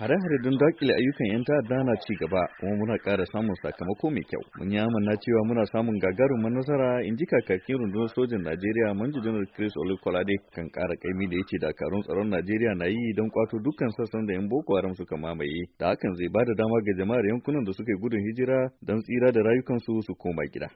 Hare-hare don dakile ayyukan 'yan ta'adda na ci gaba kuma muna ƙara samun sakamako mai kyau. Mun yi amanna cewa muna samun gagarin manasara in ji kakakin rundunar sojin Najeriya Manji Janar Chris Olukolade kan kara kaimi da yake dakarun tsaron Najeriya na yi don kwato dukkan sassan da 'yan Boko Haram suka mamaye. Da hakan zai ba da dama ga jama'ar yankunan da suka yi gudun hijira don tsira da rayukansu su koma gida.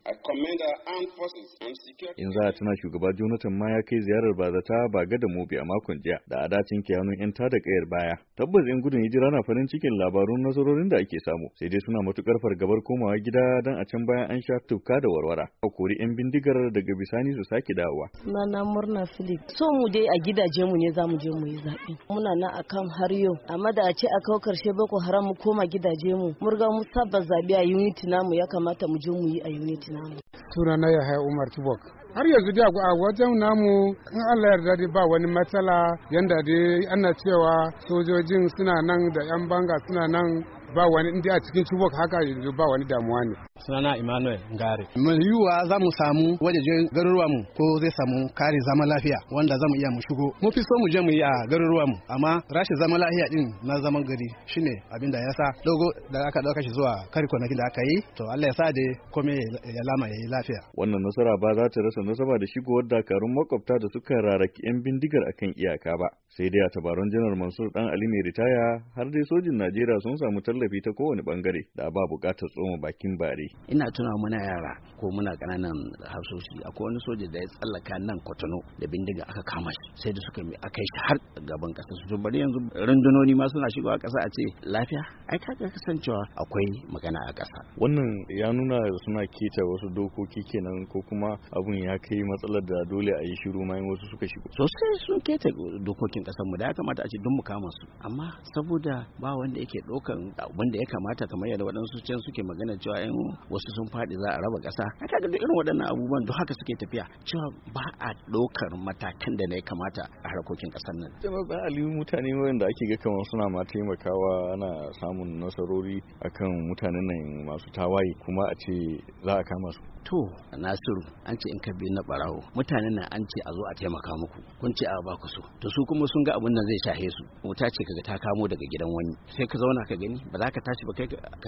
In za a tuna shugaba Jonathan ma ya kai ziyarar bazata ba ga da Mobi a makon jiya da adacin ke hannun 'yan tada kayar baya. Tabbas 'yan gudun hijira na farin cikin labarun nasarorin da ake samu, sai dai suna matukar fargabar komawa gida don a can bayan an sha tufka da warwara. A kori 'yan bindigar daga bisani su sake dawowa. na murna Philip. So mu dai a gidaje mu ne za mu je mu yi zaɓe. Muna a akan har yau. Amma da a ce a kawo karshe Boko Haram mu koma gidaje mu. murga mu saba zaɓe a unity namu ya kamata mu je mu yi a unity namu. Sunana Yahaya Umar Tubok. har yanzu da a wajen namu in Allah yarda da ba wani matsala yanda dai ana cewa sojojin suna nan da yan banga suna nan ba wani inda a cikin chibok haka yanzu ba wani damuwa ne sunana emmanuel ngare mai yiwuwa za mu samu wajejen garuruwa mu ko zai samu kare zama lafiya wanda za mu iya mu shigo mu fi so mu je mu yi a garuruwa mu amma rashin zama lafiya din na zaman gari shine abin da ya sa dogo da aka dauka shi zuwa kari kwanaki da aka yi to Allah ya sa da kome ya lama ya yi lafiya wannan nasara ba za ta rasa nasaba da shigowar dakarun makwabta da suka raraki yan bindigar akan iyaka ba sai dai a tabaron janar mansur dan ali mai ritaya har dai sojin najeriya sun samu tallafi ta kowane bangare da ba buƙatar tsoma bakin bare. Ina tuna muna yara ko muna ƙananan hafsoshi akwai wani soja da ya tsallaka nan Kwatano da bindiga aka kama shi sai da suka aka shi har gaban ƙasa su bari yanzu rundunoni ma suna shigowa ƙasa a ce lafiya ai ka kasancewa akwai magana a ƙasa. Wannan ya nuna suna keta wasu dokoki kenan ko kuma abun ya kai matsalar da dole a yi shiru ma wasu suka shigo. Sosai sun keta dokokin ƙasarmu da ya kamata a ce don mu kama su amma saboda ba wanda yake ɗaukan abin ya kamata kamar yadda waɗansu can suke magana cewa yan wasu sun faɗi za a raba ƙasa haka ga irin waɗannan abubuwan duk haka suke tafiya cewa ba a ɗaukar matakan da na ya kamata a harkokin ƙasar nan. Jama'a ba aliyu mutane wanda ake ga kamar suna ma taimakawa ana samun nasarori akan mutanen nan masu tawaye kuma a ce za a kama su. To Nasiru an ce in ka bi na barawo mutanen nan an ce a zo a taimaka muku kun ce a ba ku so to su kuma sun ga abin nan zai shahe su wuta ce kaga ta kamo daga gidan wani sai ka zauna ka gani ba ba za ka tashi ba ka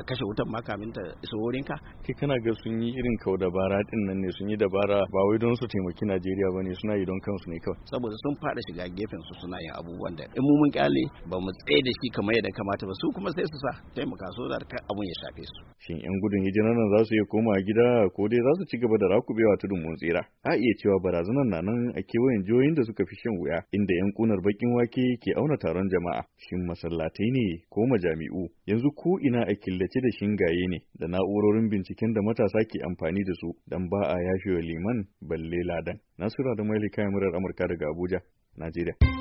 kashe wutan ma kamin ta wurin ka kai kana ga sun yi irin kau dabara din nan ne sun yi dabara ba wai don su taimaki Najeriya ba ne suna yi don kansu ne kawai saboda sun fada shiga gefen su suna yin abubuwan da in mu mun kyale ba mu tsaye da shi kamar yadda kamata ba su kuma sai su sa taimaka so da abun ya shafe su shin yan gudun hijira nan za su iya koma gida ko dai za su ci gaba da rakubewa tudun mun tsira a iya cewa barazanar na nan a kewayen jihohin da suka fi shan wuya inda yan kunar bakin wake ke auna taron jama'a shin masallatai ne ko majami'u yanzu ko ina a killace da shingaye ne da na'urorin binciken da matasa ke amfani da su don ba a yafewa liman balle ladan. Nasura da Mailika murar Amurka daga Abuja, Najeriya.